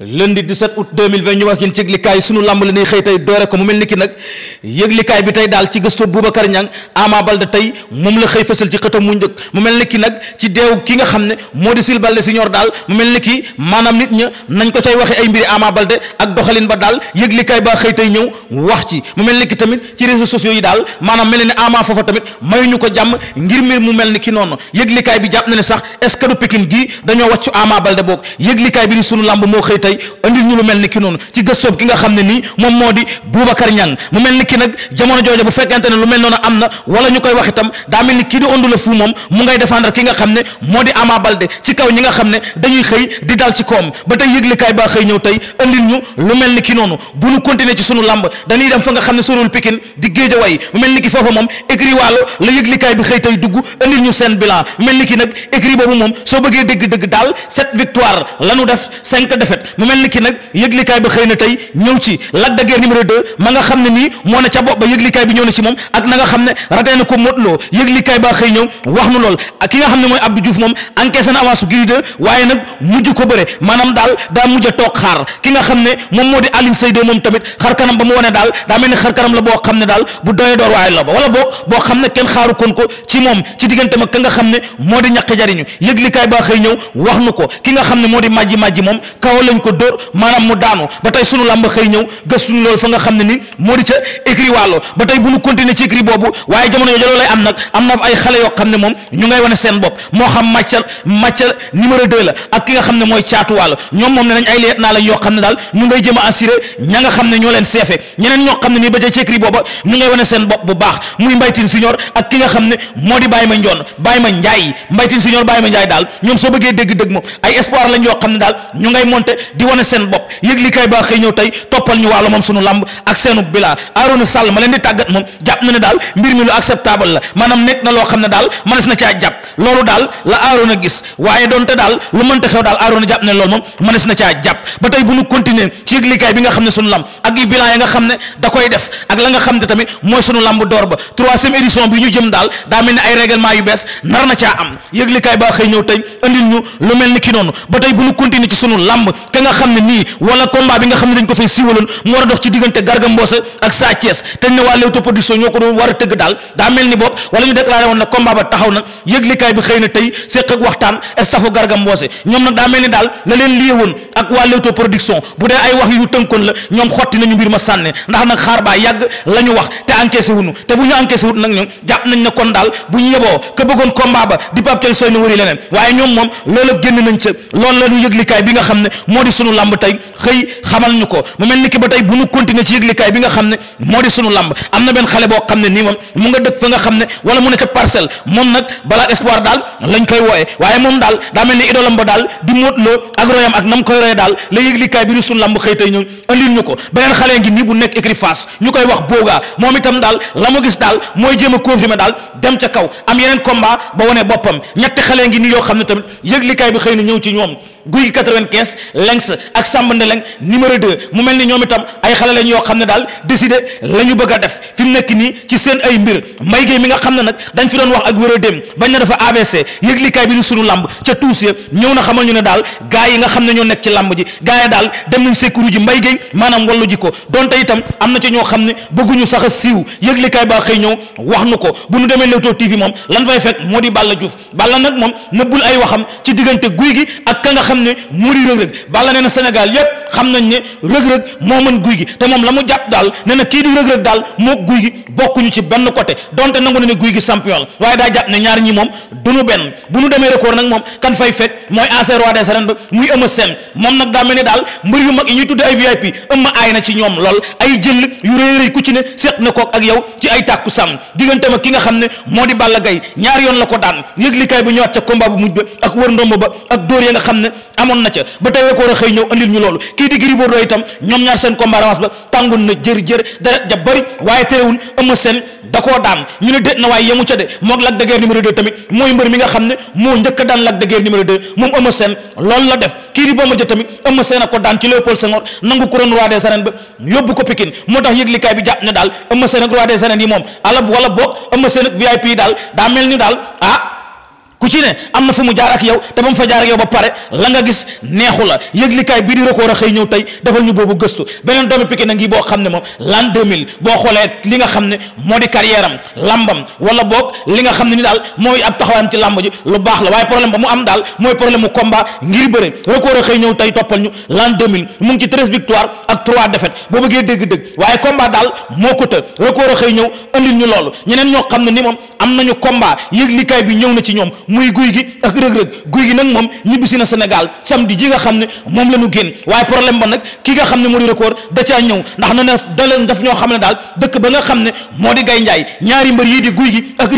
lundi 17 août 2020 ñu wax yéen ci yëglikaay sunu lamb la ñuy xëy tey doore ko mu mel ni ki nag yëglikaay bi tey daal ci gëstu Boubacar Niang Ama Baldé tey moom la xëy fësal ci xëtam mu njëkk mu mel ni ki nag ci deew ki nga xam ne moo di Jules Baldé Junior daal mu mel ni ki maanaam nit ña nañ ko cay waxe ay mbiri Ama Baldé ak doxalin ba daal yëglikaay baa xëy tey ñëw wax ci mu mel ni ki tamit ci réseaux sociaux yi daal maanaam mel ni Ama foofa tamit mayuñu ko jàmm ngir mbir mel ni ki noonu yëglikaay bi jàpp na ne sax est-ce que du Pikine gii dañoo wàccu Ama tey andil ñu lu mel ni ki noonu ci gëstoob ki nga xam ne nii moom moo di Boubacar Niang mu mel ni ki nag jamono jooja bu fekkente ne lu mel noonu am na wala ñu koy wax itam daa mel ni kii di Onde le Fou moom mu ngay défendre ki nga xam ne moo di Ama Baldé ci kaw ñi nga xam ne dañuy xëy di dal ci koom ba tey yëglikaay baa xëy ñëw tey andil ñu lu mel ni ki noonu bu ñu continuer ci sunu làmb dañuy dem fa nga xam ne sorul Pikine di Géejawaay mu mel ni ki foofa moom écrit wàllo la yëglikaay bi xëy tey dugg andil ñu seen bilan mel ni ki nag écrit boobu moom soo bëggee dégg-dëgg daal sept victoire la ñu def cinq défaites mu mel ni ki nag yëglikaay bi xëy na tey ñëw ci Lac de Guiers numéro ma nga xam ne nii moo na ca bopp ba yëglikaay bi ñëw na ci moom ak na nga xam ne ratee na ko motloo yëglikaay baa xëy ñëw wax nu lool ak ki nga xam ne mooy Abdou Diouf moom encaissé na avance su Gris 2 waaye nag mujj ko bëre maanaam daal daa mujj toog xaar ki nga xam ne moom moo di Alioune Seydo tamit xar kanam ba mu wane daal daa mel ni xar kanam la boo xam ne daal bu doye door waaye la ba wala boo xam ne kenn xaaru koon ko ci moom ci diggante mag ka nga xam ne moo di ñàkk jariñu yëglikaay baa xëy ñëw wax nu ko ki nga xam ne moo di majji majji moom kaw lañ ko dóor maanaam mu daanu ba tey sunu làmb xëy ñëw gëstuñu loolu fa nga xam ne ni moo di ca écrit wàllo ba tey bu ñu continuer ci écrit boobu waaye jamono yooyu loolu lay am nag am na ay xale yoo xam ne moom ñu ngay wane seen bopp moo xam màccal màccal numéro 2 la ak ki nga xam ne mooy caatu wàllo ñoom moom ne nañ ay leet naa lañ yoo xam ne daal ñu ngay jëm a assuré ña nga xam ne ñoo leen seefe ñeneen ñoo xam ne nii ba ca ci écrit booba ñu ngay wane seen bopp bu baax muy ki nga xam ne moo di bàyyi ma njoon bàyyi ma njaay mbaytin siñor bàyyi ma njaay daal ñoom soo bëggee dégg dëgg moom ay yoo xam ne daal di wane seen bopp yëglikaay baa xëy ñëw tey toppal ñu wàllu moom sunu lamb ak seenu bilaa Arouna Sall ma leen di tàggat moom jàpp na ne daal mbir mi lu acceptable la maanaam nekk na loo xam ne daal mënees na caa jàpp loolu daal la a gis waaye doonte daal lu mënta xew daal Arouna jàpp ne loolu moom mënees na caa jàpp ba tey bu ñu continuer ci yëglikaay bi nga xam ne sunu lamb ak yi bilaa ya nga xam ne da koy def ak la nga xam ne tamit mooy sunu lamb door ba troisième édition bi ñu jëm daal daa mel ne ay règlement yu bees nar na caa am yëglikaay baa xëy ñëw tey andil ñu lu mel ki noonu ba tey bu ñu continuer ci sunu nga xam ne nii wala combat bi nga xam ne dañ ko fay siiwaloon mu war a dox ci diggante Garga Mbossé ak Sa Thiès te ne waa Leewtoo production ñoo ko doon war a tëgg daal daa mel ni bopp wala ñu déclaré woon na combat ba taxaw na yëglikaay bi xëy na tey séq ak waxtaan staffu Garga Mbossé ñoom nag daa mel ni daal la leen lii woon ak waa Leewtoo production bu dee ay wax yu tënkoon la ñoom ñu wax te encaissé wuñu ne kon waaye ñoom moom loola génn nañ ca loolu la yëglikaay bi nga xam ne moo di sunu làmb tey xëy xamal ñu ko mu mel ni ki ba bu ñu continuer ci yëglikaay bi nga xam ne moo di sunu làmb am na benn xale boo xam ne nii moom mu nga dëkk fa nga xam ne wala mu nekk parcelle moom nag balaa espoir koy wooye waaye moom daal daa mel ni idolam ba daal di móotloo ak royam ak nam koy roye daal la yëglikaay bi di sunu làmb xëy tey ñëw andil ñu ko beneen xale ngi nii bu nekk écrit face ñu koy wax boogaa moom itam daal la mu gis daal mooy jéem a confirmer daal dem ca kaw am yeneen combat ba wane boppam ñetti xale ngi nii yoo xam ne tamit yëglikaay bi xëy na ñëw ci ñoom guy 95 Legs ak Samba Ndeleng numéro 2 mu mel ni ñoom itam ay xale yoo xam ne daal décidé la ñu a def fi mu nekk nii ci seen ay mbir mbay géey mi nga xam ne nag dañ fi doon wax ak wéro bañ na dafa AVC yëglikaay bi ñu sunu lamb ca tuusee ñëw na xamal ñu ne daal gars yi nga xam ne ñoo nekk ci lamb ji gars yi daal dem nañ sécurité ji mbay géey maanaam wallu ji ko donte itam am na ci ñoo xam ne bëgguñu sax a siiw yëglikaay baa xëy ñëw wax nu ko bu ñu demee Leewtoo TV moom lan moo di Balla Diouf Balla nag moom nëbbul ay waxam ci diggante guy gi ak ka nga xam yàlla nee na Sénégal yépp xam nañ ne rëg-rëg moo mën guy gi te moom la mu jàpp daal ne na kii di rëg-rëg daal moo guy gi bokkuñu ci benn côté donte nangu na ne guy gi champion la waaye daa jàpp ne ñaar ñi moom duñu benn bu ñu demee record nag moom kan fay fekk mooy ancien roi des arènes ba muy Eumeu Sène moom nag daa mel ni daal mbër yu mag yi ñuy tudd ay VIP Eumeu aay na ci ñoom lool ay jël yu rëy rëy ku ci ne seet na kook ak yow ci ay tàkku sàmm diggante ma ki nga xam ne moo di Balla Gaye ñaar yoon la ko daan yëglikaay bi ñëwaat ca combat bu mujj ba ak wër ndomb xam ne amoon na ca ba tey xëy ñëw andil ñu loolu kii di Gris Bordeaux itam ñoom ñaar seen combat ba tàngoon jër jër deret ja bëri waaye terewul Eumeu Sène da koo daan ñu ne déet na waaye yemu ca de mook Lac de Guiers numéro tamit mooy mbër mi nga xam ne moo njëkk a daan Lac de Guiers numéro moom Eumeu Sène loolu la def kii di Bombardier tamit Eumeu Sène a ko daan ci Léopold Senghor nangu couronne roi des arènes ba yóbbu ko Pikine moo tax yëglikaay bi jàpp ne daal Eumeu Sène ak roi des arènes yi moom ala ku ci ne am na fu mu jaar ak yow te ba mu fa jaar ak yow ba pare la nga gis neexu la yëglikaay bii di record a xëy ñëw tey defal ñu boobu gëstu beneen doomi Pikine na ngi boo xam ne moom l'an 2000 boo xoolee li nga xam ne moo di carrière am lambam wala boog li nga xam ne ni daal mooy ab taxawaayam ci lamb ji lu baax la waaye problème ba mu am daal mooy problème mu combat ngir bëre record a xëy ñëw tey toppal ñu l'an 2000 mu ngi ci 13 victoire ak 3 défaites boo bëggee dëgg dégg waaye komba daal moo ko të record a xëy ñëw andil ñu loolu ñeneen ñoo xam ne ni moom am nañu combat yëglikaay bi ñëw na ci ñoom muy guy gi ak rëg-rëg guy gi nag moom ñibbisi na Sénégal samedi ji nga xam ne moom la ñu génn waaye problème ba nag ki nga xam ne moo di record da caa ñëw ndax na ne da leen daf ñoo xam ne daal dëkk ba nga xam ne moo di gay njaay ñaari mbër yii guy gi ak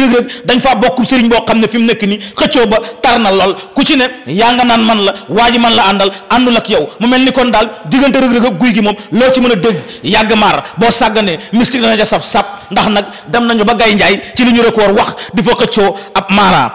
dañ faa bokk sëriñ boo xam ne fi mu nekk nii xëccoo ba tar na lool ku ci ne yaa nga naan man la waa ji man la àndal àndul ak yow mu mel ni kon daal diggante rëg-rëg ak guy gi moom loo ci mën a dégg yàgg maar boo sàgganee mystique dana ja saf sap ndax nag dem nañu ba gay njaay ci li ñu record wax di fa xëccoo ab maara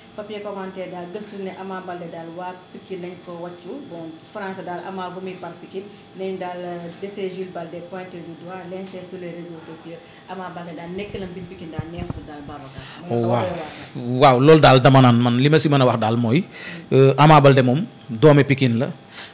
papier commentaire daal gëstu ne Ama Baldé daal waa Pikine nañ ko wàccu bon français daal Ama vomi par Pikine nañ daal euh, décès Jules Baldé pointé du doigt lynché sur les réseaux sociaux Ama Baldé daal nekk na biir Pikine daal neexul daal Babacar waaw waaw loolu daal dama naan man li ma si mën a wax daal mooy euh, Ama Baldé moom doome Pikine la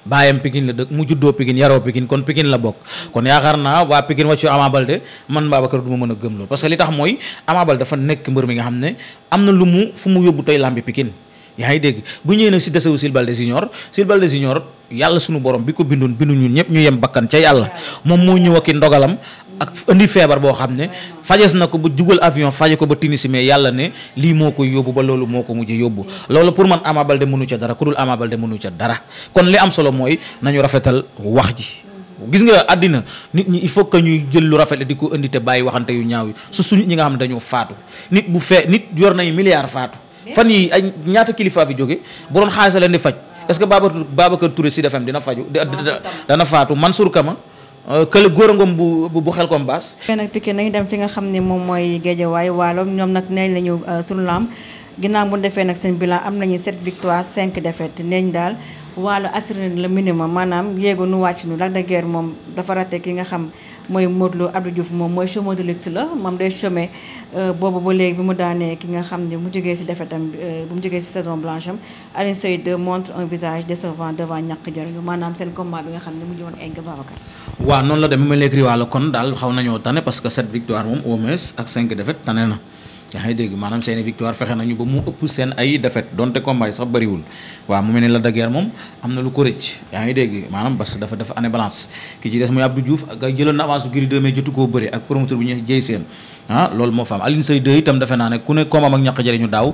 baayam Pikine la dëkk mu juddoo Pikine yaroo Pikine kon Pikine la bokk kon yaakaar naa waa Pikine wàccu Ama Baldé man Babacar du ma mën a gëm loolu parce li tax mooy Ama dafa nekk mbër mi nga xam ne am na lu mu fu mu yóbbu tey lambi Pikine yaa ngi dégg bu ñëwee nag si desewu Sil Baldé Junior Sil Baldé Junior yàlla sunu borom bi ko bindoon bindu ñun ñëpp ñu yem bakkan ca yàlla moom moo ñëw ak i ndogalam ak indi feebar boo xam ne fajes na ko ba jugal avion faje ko ba Tunisie mais yàlla ne lii moo koy yóbbu ba loolu moo ko mujj yóbbu loolu pour man Ama Baldé mënu ca dara ku dul Ama Baldé mënu ca dara kon li am solo mooy nañu rafetal wax ji gis nga àddina nit ñi il faut que ñuy jël lu rafet di ko indi te bàyyi waxante yu ñaaw yi su suñu ñi nga xam ne dañoo faatu nit bu fee nit yor nañu milliards faatu fan yi ay ñaata kilifa fi jóge bu doon xaalis leen di faj est que Babacar Babacar Touré si dina faju dana faatu Mansour Kama kële euh, góorangom bu bu xel kom baas. nag Pikine nañu dem fi nga xam ne moom mooy Géejawaay waalo ñoom nag nee lañu euh, sunu laam ginnaaw bu defee nag seen bilan am nañu 7 victoires 5 défaites neeñ daal. wàllu assuré le minimum maanaam yéegu nu wàcc nu Lac de Guiers moom dafa raté ki nga xam mooy Modou Lo Abdou Diouf moom mooy chômeur de luxe la moom day chômé euh, boobu ba léegi bi mu daanee ki nga xam ne mu jógee si defetam bu mu jógee euh, saison blanche am Alioune Seye 2 montre un visage décevant devant ñàkk jëriñu maanaam seen combat bi la kon daal xaw nañoo tane parce que sept victoire moom au moins maanaam seeni victoire fexe nañu ba mu ëpp seen ay défaite donte combat yi sax bëriwul waaw mu mel ne Lac de moom am na lu ko rëcc yaa ngi dégg maanaam parce que dafa dafa année balance ki ci des mooy Abdou Diouf ak jëloon na avance Gris 2 mais bëri ak promoteur bu ñu jëy seen loolu moo fa am Alioune Seye itam defe naa ne ku ne koomam ak ñàkk jëriñu daaw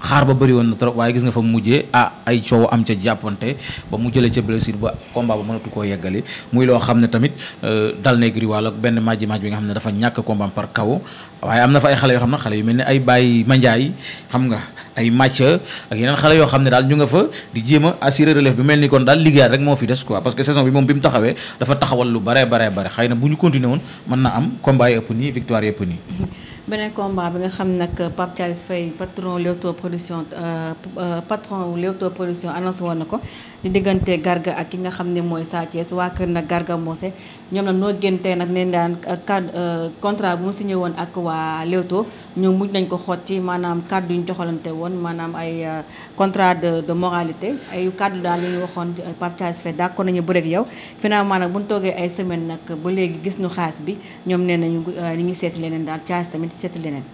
xaar ba bari woon na trop waaye gis nga fa mujjee ah ay coow am ca jàppante ba mu jëlee ca blessure ba combat ba mënatu koo yeggali muy loo xam ne tamit euh, dal ne Gris wala benn majji maaj bi nga xam ne dafa ñàkk combat par kaw waaye am na ay xale yoo xam ne xale yu mel ne ay Baye Mandiaye xam nga ay match ak yeneen xale yoo xam ne daal ñu nga fa di jéem a assurer relève bi mel ni kon daal liggéeyaat rek moo fi des quoi parce que saison bi moom bi mu taxawee dafa taxawal lu bare bare bare xay na bu ñu continuer woon mën na am combat yi ëpp nii victoire yi ëpp nii beneen combat bi nga xam nag Pape Thialis Faye patron Leewtoo production euh, euh, patron Leewtoo production annoncé woon na ko di diggante Garga ak ki nga xam ne mooy Sa Thiès waa kër nag Garga Mbossé ñoom nag noo géntee nag neen daan euh, cadre euh, contrat bu mu signé woon ak waa Leewtoo ñoom mujj nañ ko xotti maanaam kàddu yu joxalante woon maanaam ay euh, contrat de de moralité ay kàddu daal li ñu waxoon Pape Thiès fe d'accord nañu bëreeg yow finalement nag bu ñu toogee ay semaine nag ba léegi gis nu xaas bi ñoom neen nañu ñu ngi seeti leneen daal Thiès tamit seeti leneen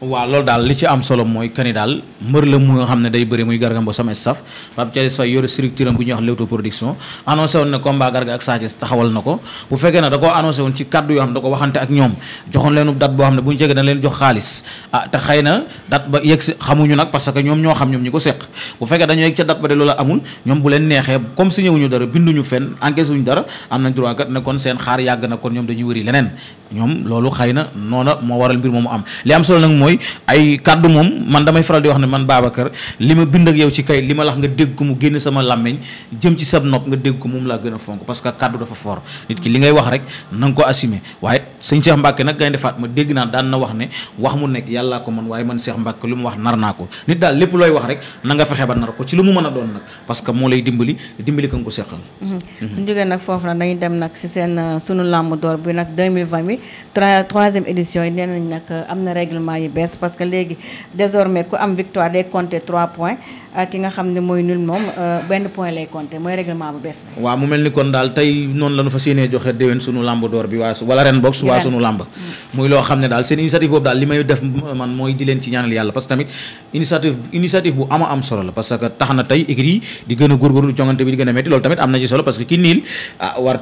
waaw loolu daal li ci am solo mooy kani daal mbër la mu nga xam ne day bëri muy Garga Mbossé sama staff Pape Thialis Faye yore structure am bu ñuy wax Leewtoo production annoncé woon ne combat Garga ak Sa Thiès taxawal na ko bu fekkee ne da koo annoncé woon ci kaddu yoo xam ne da ko waxante ak ñoom joxoon leenu date boo xam ne bu ñu jegee dana leen jox xaalis ah te xëy na date ba yegg si xamuñu nag parce que ñoom ñoo xam ñoom ñi ko seq bu fekkee dañu yegg ca date ba de loola amul ñoom bu leen neexee comme si ñëwuñu dara binduñu fenn encaissé wuñu dara am nañ droit kat ne kon seen xaar yàgg na kon ñoom dañuy wëri leneen ñoom loolu xëy na noona moo waral mbir moomu am li am solo nag mooy mooy ay kàddu moom man damay faral di wax ne man Babacar li ma bind ak yow ci kay li ma lax nga dégg ko mu génn sama làmmiñ jëm ci sab nopp nga dégg ko moom laa gën a fonk parce que kàddu dafa fort nit ki li ngay wax rek na ko assumer waaye sëñ Cheikh Mbacke nag gaynde Fatma dégg naa ko nit daal lépp looy wax rek na nga fexe nar ko ci lu mu mën a doon nag parce que moo lay dimbali dimbali ko nga ko seqal mhm. mhm. suñ jógee nag foofu nag dañuy dem euh, euh, na bees parce que léegi désormais ku am victoire day compter 3 points ki nga xam ne mooy nul moom euh, benn point lay compter mooy règlement bi. waaw mu mel ni kon daal tey noonu la ñu fas yéenee joxe déwén sunu lamb door bi waa wala waa sunu lamb. Mm. muy loo xam ne daal seen initiative boobu daal li may def man mooy di leen ci ñaanal yàlla parce que tax na tey écrit di gën a góorgóorlu jongante bi di gën a métti loolu tamit am na ci solo parce que ki niil ah war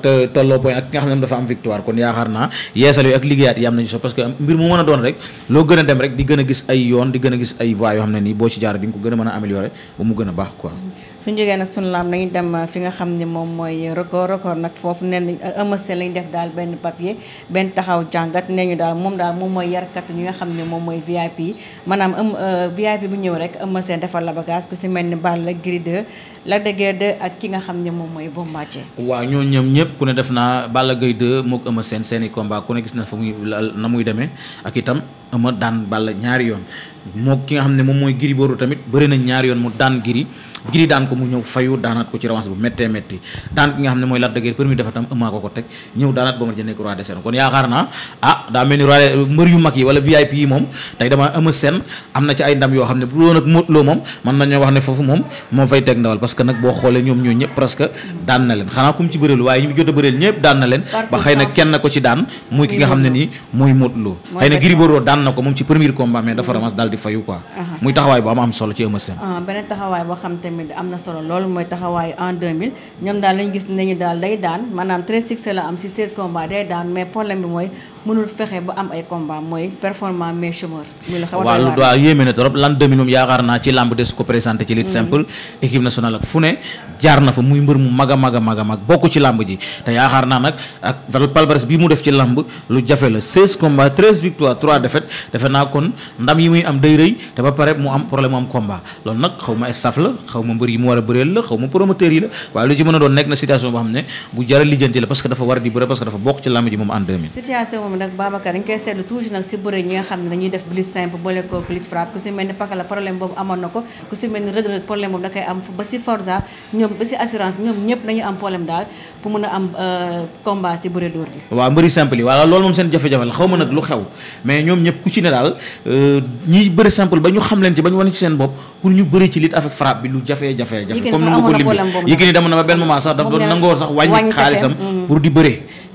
di gën a gis ay yoon di gën a gis ay voies yoo xam ne nii boo ci jaar di nga ko mën a améliorer ba mu gën baax quoi suñ jógee nag suñu laam dañuy dem ah, fi nga xam ne moom mooy record record nag foofu ne nañ ah, Eumeu Sène lañ def daal benn papier benn taxaw jàngat nee ñu daal moom daal moom mooy yarkat ñi nga xam ne moom mooy VIP yi maanaam ah, VIP bu ñëw rek Eumeu defal la bagage si mel ni Balla Gris 2 Lac de ak ki nga xam ne moom mooy Bombardier waaw ñoo ñoom ñëpp ku ne def naa Balla gay 2 mook Eumeu Sène seen i combat ku ne gis na fa muy na muy demee ak itam Eumeu daan Balla ñaari yoon mook ki nga xam ne moom mooy Gris boobu tamit bëri nañ ñaari yoon mu daan giri Gris daan ko mu ñëw fayu daanaat ko ci revanche bu méttee métti daan ki nga xam ne mooy Lac de Guiers kon yaakaar naa ah daa mel ni roi mbër yu mag yi wala VIP yi moom tey dama ëma seen am na ci ay ndam yoo xam boo xam ne nii 2000 am na solo loolu mooy taxawaayu en 2000 ñoom daal lañu gis nañu daal day daan maanaam 13 succès la am si 16 combats day daan mais problème bi mooy mënul fexe ba am ay combat mooy performance mais chômeur muy la xaw a na mm-hmm. a mag a a mag bokk ci làmb ji te ba pare mu am problème mu am combat loolu nag xaw ma staff la ma mbër yi mu war a bëreel la xaw ma promoteur yi la waaye lu ci mën a doon nekk na situation boo xam ne bu jara lijjanti la parce que dafa war di bëre parce que dafa bokk ci làmb ji moom en 2000 situation moom xam ne dañuy def blitz simple boole ko lutte frappe ku si mel ni pakala problème boobu amoon na ko ku si mel ni rëg-rëg problème boobu da ba si forza ñoom ba si assurance ñoom ñëpp dañu am problème daal pour mën a am euh, combat si bëre dóor bi waaw jafe-jafe jafe comme nu nga ko lim yi gi ni demoon na ba benn moment sax daf doon nangoo sax wàññi xaalisam mm. pour di bëree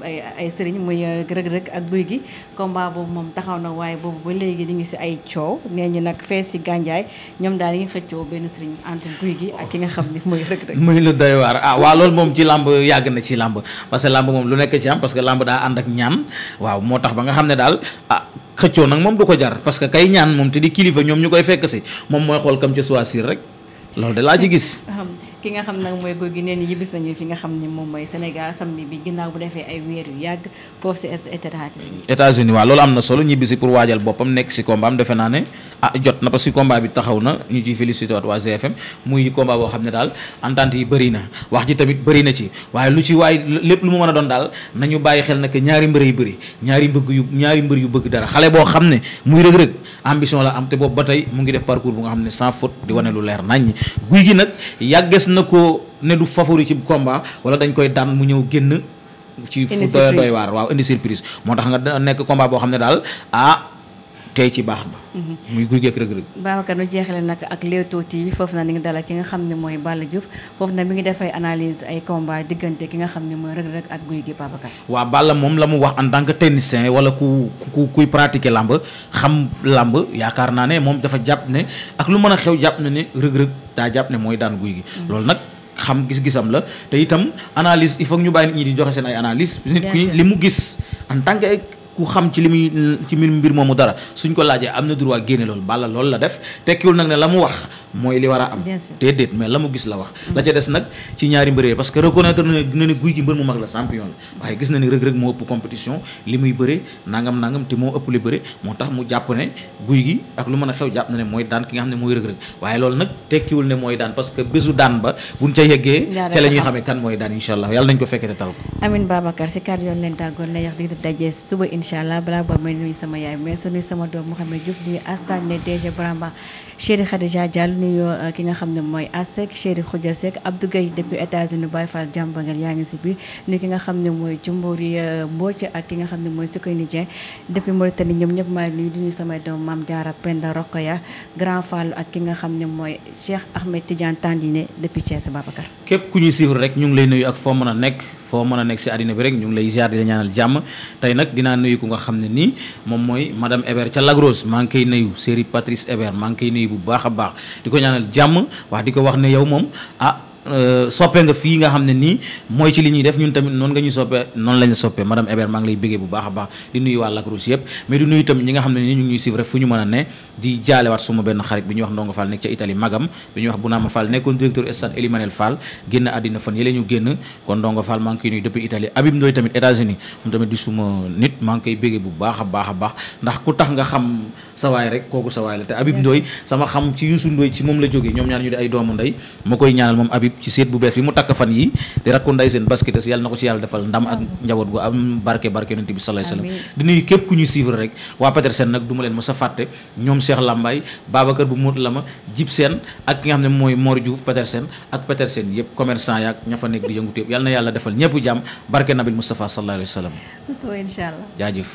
ay ay sëriñ muy euh, rëg-rëg ak guy gi combat boobu moom taxaw na waaye boobu ba léegi ñu ngi si ay coow nee ñu nag fee si gànjaay ñoom daal yi nga xëccoo benn sëriñ entre guy gi ak ki nga xam ni muy lu doy waar ah waaw loolu moom ci làmb yàgg na ci làmb parce que làmb moom lu nekk ci am parce que làmb daa ànd ak ñaan waaw moo tax ba nga xam ne daal ah xëccoo nag moom du ko jar parce kay ñaan moom te di kilifa ñoom ñu koy fekk si moom mooy xool kam ci choisir rek ki nga xam ni yibis nañu fi nga xam ne moom mooy Sénégal samedi bi ginnaaw bu defee ay weer yu yàgg foofu si États-Unis états loolu am na solo ñibbisi pour waajal boppam nekk si combat am defe naa ne ah jot na parce que combat bi taxaw na ñu ciy félicité waat waa GFM muy combat boo xam ne daal entente yi bëri na wax ji tamit bëri na ci waaye lu ci waaye lépp lu mu mën a doon daal nañu bàyyi xel na ñaari mbër yu bëri ñaari mbëgg yu ñaari mbër yu bëgg dara xale boo xam ne muy rëg-rëg ambition la am boobu ba tey mu ngi def parcours bu nga xam ne sans faute di wane lu leer nañ na ko ne du favori ci combat wala dañ koy daan mu ñëw génn ci fu doy doy waar waaw indi surprise moo tax nga nekk combat boo xam ne daal ah tey ci baax na. muy Gouye Gui ak Reug Reug. Babacar ñu jeexale nag ak Leewtoo TV foofu na ni ngi dalal ki nga xam ne mooy Balla Diouf foofu na mi ngi def analyse ay combat diggante ki nga xam ne mooy Reug Reug ak Gouye Gui lu mën a xew jàpp na ne Reug Reug daa jàpp ne mooy daan Gouye Gui mm. loolu nag. xam gis-gisam la te itam analyse il faut ñu bàyyi nit ñi di joxe seen ay analyse nit ki li mu gis en tant que ku xam ci li muy ci mbir dara suñ ko laajee am na droit génne loolu Balla loolu la def tekkiwul nag ne la mu wax mooy li war a am déedéet mais la mu gis la wax la mm. ca des nag ci ñaari mbëree parce que reconnaître na ne guy gi mbër mu na ni rëg-rëg moo ëpp compétition li muy bëre nangam nangam te a xew jàpp nga xam ne mooy rëg-rëg waaye loolu nag tekkiwul ne mooy daan parce bésu daan ba buñ ca yeggee ca la ñuy kan mooy daan incha allah yàlla nañ ko fekkete tal ko amin Babacar si kàddu yoon leen tàggoon la yax di dajee suba incha allah balaa ba may nuyu sama yaay mais su nuyu sama doom Mouhamed Diouf di astaan ne DG Bramba Chéri Khadija Diallo nuyu euh, ki nga xam ne mooy Asek Chéri Khoudia Seck Abdou Gueye depuis États-Unis Baye Fall yaa ngi si biir ni ki nga xam ne mooy Jumbori euh, Mbooc ak ki nga xam ne mooy Soukeyni Dieng depuis Mauritanie ñoom ñëpp maa nuyu di nuyu samay doom Mame Diarra Penda Rokhaya Grand Fall ak ki nga xam ne mooy Cheikh Ahmed Tidiane Tandine depuis Thiès a foo mën a nekk si àddina bi rek ñu ngi lay ziar di la ñaanal jàmm tey nag dinaa nuyu ku nga xam ne nii moom mooy madame Hébert ca Lagros maa ngi koy nuyu série Patrice Hébert maa ngi koy nuyu bu baax a baax di ko ñaanal jàmm wax di ko wax ne yow moom ah Euh, soppe nga fii nga xam ne nii mooy ci li ñuy def ñun tamit noonu nga ñuy soppe noonu lañ soppe madame Hébert maa ngi lay béggee bu baax a baax di nuyu waa Lacrosse yëpp mais di nuyu tamit ñi nga xam ne nii ñu ngi ñuy suivre fu ñu mën a ne di jaalewaat suma benn xarit bi ñuy wax Ndongo Fall nekk ca Italie magam bi ñuy wax Bounama Fall nekkoon directeur stade Elimanel Fall génn àddina fan yële ñu génn kon Ndongo Fall maa ngi koy nuyu depuis Italie Abib Ndoy tamit États-Unis moom tamit di suma nit maa ngi koy béggee bu baax a baax a baax ndax ku tax nga xam sawaay rek kooku sawaay la te Abib Ndoy sama xam ci Youssou Ndoy ci moom la jógee ñoom ñaar ñu di ay doomu ndey ma koy ñaanal moom Abib Habib ci seet bu bees bi mu takk fan yi di rakku seen basketteuse yàlla na ko ci yàlla defal ndam ak njaboot gu am barke barke yonent bi sallallahu alayhi wasallam di nuyu képp ku ñuy suivre rek waa Petersen nag du ma leen mës a fàtte ñoom Cheikh Lambaye Babacar bu Mout Lama Jib Sène ak ki nga xam ne mooy Mor Diouf Petersen ak Petersen yëpp commerçant yaak ña fa nekk di yëngu tépp yàlla na yàlla defal ñëpp jàmm barke nabil Moustapha sallallahu alayhi wasallam